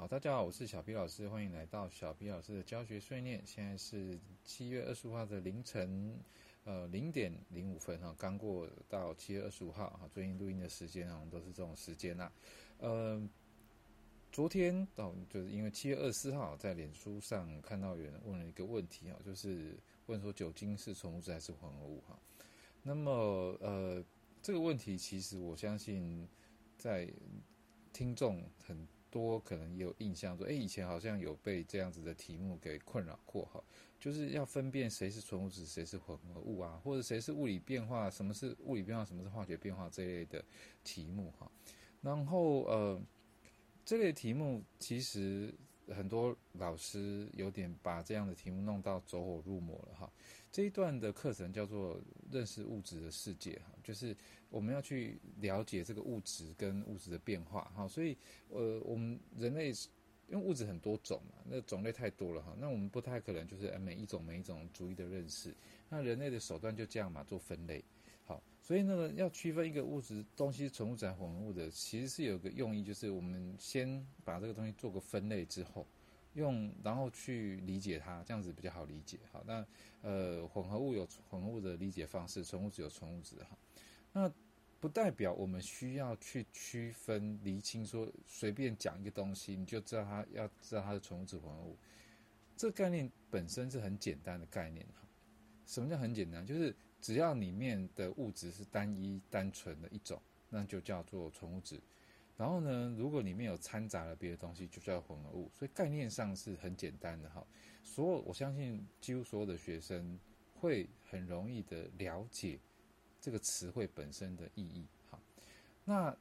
好，大家好，我是小皮老師，歡迎來到小皮老師的教學訓練。現在是七月二十五號的凌晨，呃，零點零五分哈，剛過到七月二十五號哈，最近錄音的時間啊，都是這種時間啦。呃，昨天哦，就是因為七月二十四號在臉書上看到有人問了一個問題啊、哦，就是問說酒精是純物質還是混合物哈、哦。那麼呃，這個問題其實我相信在聽眾很多可能也有印象，說，誒以前好像有被這樣子的題目給困擾過哈，就是要分辨誰是純物質，誰是混合物啊，或者誰是物理變化，什麼是物理變化，什麼是化學變化這類的題目哈，然後呃，這類題目其實。很多老師有點把這樣的題目弄到走火入魔了哈。這一段的課程叫做認識物質的世界哈，就是我們要去了解這個物質跟物質的變化哈。所以呃，我們人類因為物質很多種嘛，那種類太多了哈。那我們不太可能就是每一種每一種逐一的認識，那人類的手段就這樣嘛，做分類。好，所以那個要區分一個物質東西是純物質還是混合物的，其實是有一個用意，就是我們先把這個東西做個分類之後，用然後去理解它，這樣子比較好理解。好，那呃混合物有混合物的理解方式，純物質有純物質哈。那不代表我們需要去區分釐清，說隨便講一個東西你就知道它，要知道它是純物質混合物，這個概念本身是很簡單的概念哈。什麼叫很簡單？就是。只要裡面的物質是單一、單純的一種，那就叫做純物質。然後呢，如果裡面有摻雜了別的東西，就叫混合物。所以概念上是很簡單的哈。所有我相信，幾乎所有的學生會很容易的了解這個詞彙本身的意義。哈，那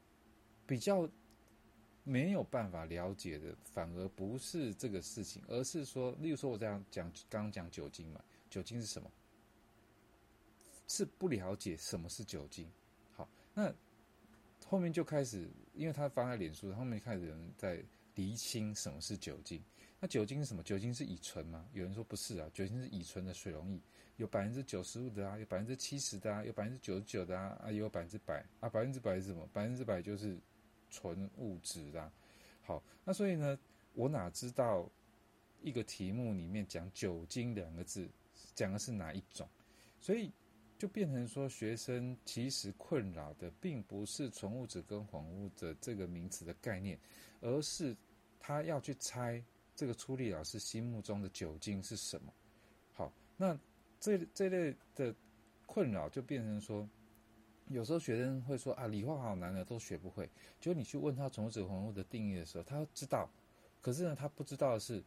比較沒有辦法了解的，反而不是這個事情，而是說，例如說我這樣講，剛剛講酒精嘛，酒精是什麼？是不了解什麼是酒精，好，那後面就開始，因為他發了臉書，後面開始有人在釐清什麼是酒精。那酒精是什麼？酒精是乙醇嗎？有人說不是啊，酒精是乙醇的水溶液，有百分之九十五的啊，有百分之七十的啊，有百分之九十九的啊，啊，有百分之百啊，百分之百是什麼？百分之百就是純物質啦，啊。好，那所以呢，我哪知道一個題目裡面講酒精兩個字講的是哪一種？所以。就變成說，學生其實困擾的並不是純物質跟混合物的這個名詞的概念，而是他要去猜這個出題老師心目中的酒精是什麼。好，那這這類的困擾就變成說，有時候學生會說啊，理化好難的，都學不會。就你去問他純物質、混合物的定義的時候，他知道，可是呢，他不知道的是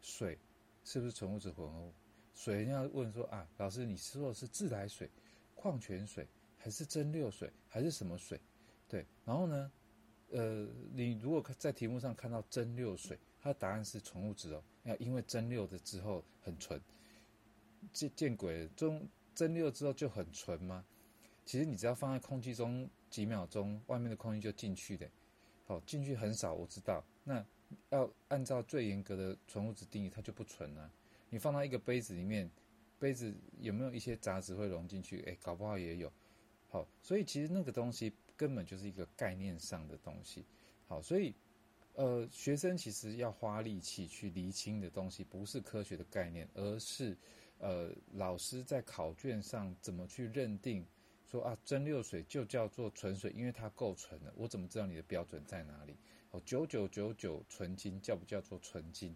水是不是純物質、混合物。所以人家問說啊，老師，你說的是自來水、礦泉水還是蒸餾水還是什麼水？對，然後呢，呃，你如果在題目上看到蒸餾水，它的答案是純物質哦，因為蒸餾的之後很純。見鬼了，中蒸餾之後就很純嗎？其實你只要放在空氣中幾秒鐘，外面的空氣就進去的。好、哦、進去很少，我知道。那要按照最嚴格的純物質定義，它就不純了、啊。你放到一個杯子裡面，杯子有沒有一些雜質會溶進去？哎、欸，搞不好也有。好，所以其實那個東西根本就是一個概念上的東西。好，所以呃，學生其實要花力氣去釐清的東西，不是科學的概念，而是呃，老師在考卷上怎麼去認定說啊，蒸餾水就叫做純水，因為它夠純了。我怎麼知道你的標準在哪裡？哦，九九九九純金叫不叫做純金？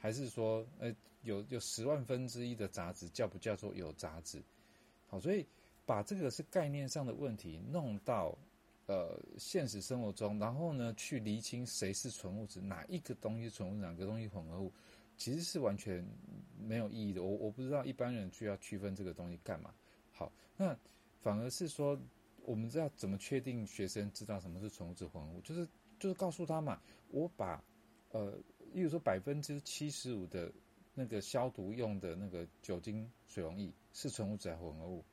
還是說，呃，有有十萬分之一的雜質，叫不叫做有雜質？好，所以把這個是概念上的問題弄到，呃，現實生活中，然後呢，去釐清誰是純物質，哪一個東西純物質，哪個東西混合物，其實是完全沒有意義的。我我不知道一般人去要區分這個東西幹嘛。好，那反而是說，我們知道怎麼確定學生知道什麼是純物質、混合物？就是就是告訴他嘛，我把，呃。例如說75，百分之七十五的那個消毒用的那個酒精水溶液是純物質還是混合物？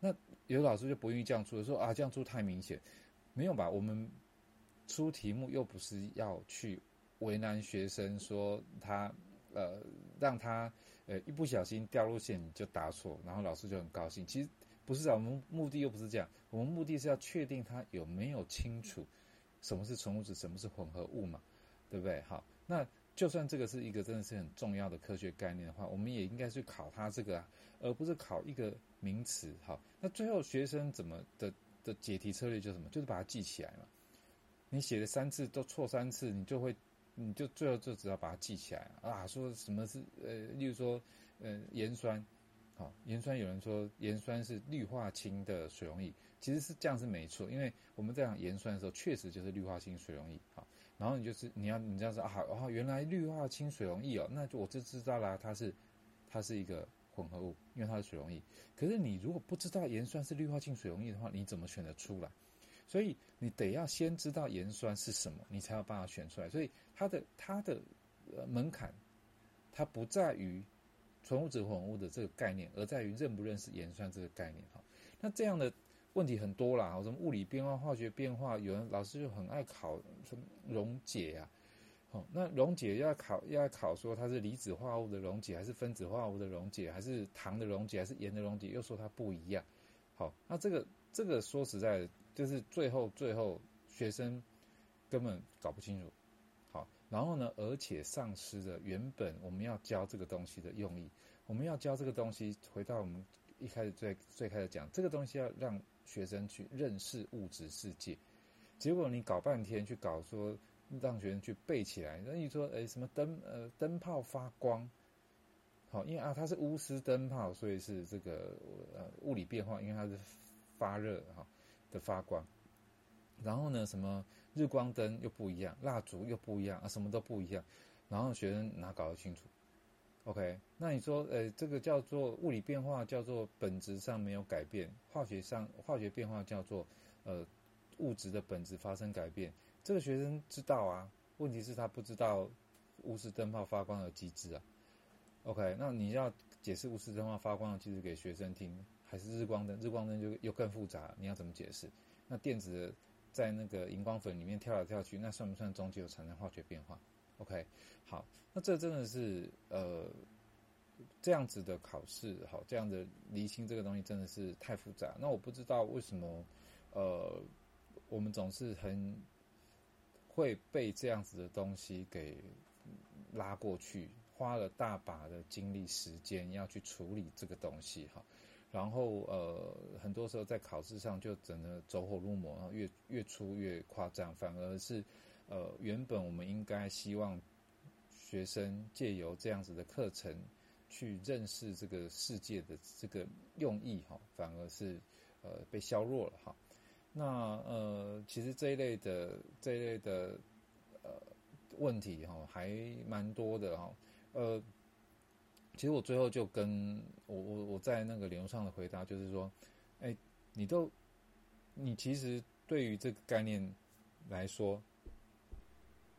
那有的老師就不願意這樣出，說啊，這樣出太明顯，沒有吧？我們出題目又不是要去為難學生，說他呃讓他呃一不小心掉入陷阱就答錯，然後老師就很高興。其實不是啊，我們目的又不是這樣，我們目的是要確定他有沒有清楚什麼是純物質，什麼是混合物嘛。對不對？好，那就算這個是一個真的是很重要的科學概念的話，我們也應該去考它這個啊，而不是考一個名詞。好，那最後學生怎麼的的解題策略就是什麼？就是把它記起來嘛。你寫了三次都錯三次，你就會，你就最後就只要把它記起來啊。啊說什麼是呃，例如說呃鹽酸，好，哦，鹽酸有人說鹽酸是氯化氫的水溶液，其實是這樣是沒錯，因為我們在講鹽酸的時候，確實就是氯化氫水溶液，好，哦。然後你就是你要你這樣子啊，原來氯化氫水溶液哦，那我就知道啦，它是，它是一個混合物，因為它是水溶液。可是你如果不知道鹽酸是氯化氫水溶液的話，你怎麼選得出來？所以你得要先知道鹽酸是什麼，你才有辦法選出來。所以它的它的呃門檻，它不在於純物質混合物的這個概念，而在於認不認識鹽酸這個概念。好，那這樣的。問題很多啦，什麼物理變化、化學變化，有人老師就很愛考什麼溶解啊，好、嗯，那溶解要考要考說它是離子化合物的溶解，還是分子化合物的溶解，還是糖的溶解，還是鹽的溶解，又說它不一樣，好，那這個這個說實在的，就是最後最後學生根本搞不清楚，好，然後呢，而且喪失了原本我們要教這個東西的用意，我們要教這個東西，回到我們一開始最最開始講這個東西要讓。學生去認識物質世界，結果你搞半天去搞說讓學生去背起來，那你說哎什麼燈呃燈泡發光，好、哦、因為啊它是鎢絲燈泡，所以是這個呃物理變化，因為它是發熱哈、哦、的發光，然後呢什麼日光燈又不一樣，蠟燭又不一樣啊，什麼都不一樣，然後學生哪搞得清楚？OK，那你說，呃，這個叫做物理變化，叫做本質上沒有改變；化學上，化學變化叫做，呃，物質的本質發生改變。這個學生知道啊，問題是，他不知道鎢絲燈泡發光的機制啊。OK，那你要解釋鎢絲燈泡發光的機制給學生聽，還是日光燈？日光燈就又更複雜，你要怎麼解釋？那電子在那個熒光粉裡面跳來跳去，那算不算終究產生化學變化？OK，好，那這真的是呃這樣子的考試，好，這樣的釐清這個東西真的是太複雜。那我不知道為什麼，呃，我們總是很會被這樣子的東西給拉過去，花了大把的精力時間要去處理這個東西哈。然後呃，很多時候在考試上就整個走火入魔，然後越越出越誇張，反而是。呃，原本我們應該希望學生借由這樣子的課程去認識這個世界的這個用意、哦，哈，反而是呃被削弱了，哈。那呃，其實這一類的這一類的呃問題、哦，哈，還蠻多的、哦，哈。呃，其實我最後就跟我我我在那個流程上的回答就是說，哎、欸，你都你其實對於這個概念，來說。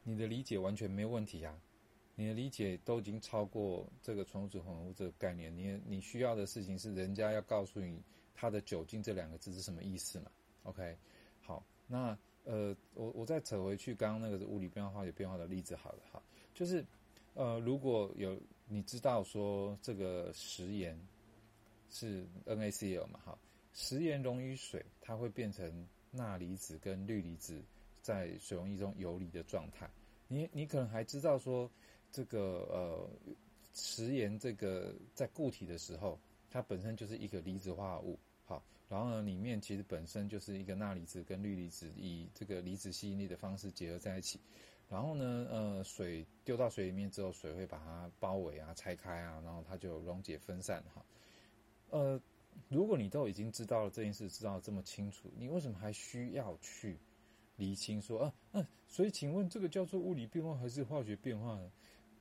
你的理解完全沒有問題啊，你的理解都已經超過這個純物質混合物這個概念。你你需要的事情是人家要告訴你它的酒精這兩個字是什麼意思嘛？OK，好，那呃，我我再扯回去剛剛那個物理變化化學變化的例子好，好了哈，就是呃，如果有你知道說這個食鹽是 NaCl 嘛，好，食鹽溶於水，它會變成鈉離子跟氯離子。在水溶液中游離的狀態，你你可能還知道說，這個呃食鹽這個在固體的時候，它本身就是一個離子化合物，好，然後呢，裡面其實本身就是一個鈉離子跟氯離子，以這個離子吸引力的方式結合在一起，然後呢呃水丟到水裡面之後，水會把它包圍啊，拆開啊，然後它就溶解分散哈。呃，如果你都已經知道了這件事，知道了這麼清楚，你為什麼還需要去？釐清說啊，嗯、啊，所以請問這個叫做物理變化還是化學變化呢？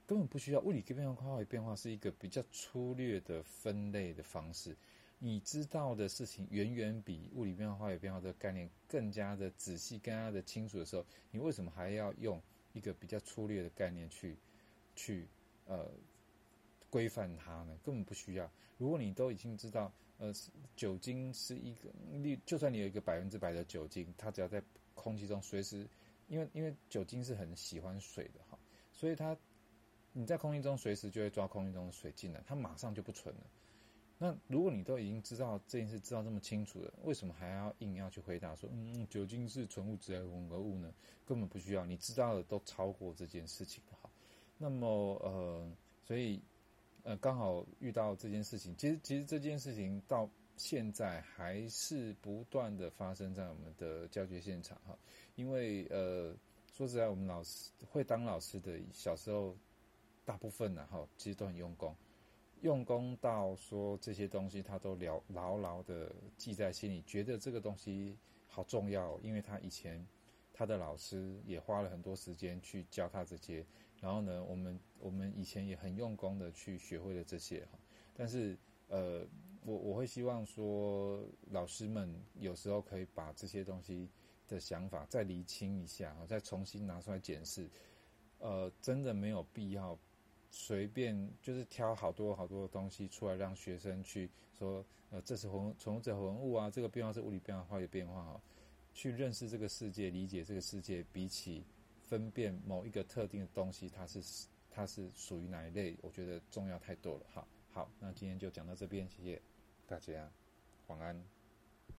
根本不需要。物理變化、化學變化是一個比較粗略的分類的方式。你知道的事情遠遠比物理變化、化學變化的概念更加的仔細、更加的清楚的時候，你為什麼還要用一個比較粗略的概念去去呃規範它呢？根本不需要。如果你都已經知道，呃，酒精是一個，就算你有一個百分之百的酒精，它只要在空氣中隨時，因為因為酒精是很喜歡水的哈，所以它你在空氣中隨時就會抓空氣中的水進來，它馬上就不純了。那如果你都已經知道這件事，知道這麼清楚了，為什麼還要硬要去回答說，嗯，酒精是純物質還是混合物呢？根本不需要，你知道的都超過這件事情哈。那麼呃，所以呃，剛好遇到這件事情，其實其實這件事情到。現在還是不斷地發生在我們的教學現場哈，因為呃，說實在，我們老師會當老師的，小時候大部分呢哈，其實都很用功，用功到說這些東西他都了牢牢的記在心裡，覺得這個東西好重要，因為他以前他的老師也花了很多時間去教他這些，然後呢，我們我們以前也很用功的去學會了這些哈，但是呃。我我會希望說，老師們有時候可以把這些東西的想法再釐清一下，再重新拿出來檢視。呃，真的沒有必要隨便就是挑好多好多的東西出來讓學生去說，呃，這是文，從這混物啊，這個變化是物理變化，化學變化哈，去認識這個世界，理解這個世界，比起分辨某一個特定的東西它是它是屬於哪一類，我覺得重要太多了。好，好，那今天就講到這邊，謝謝。大家晚安。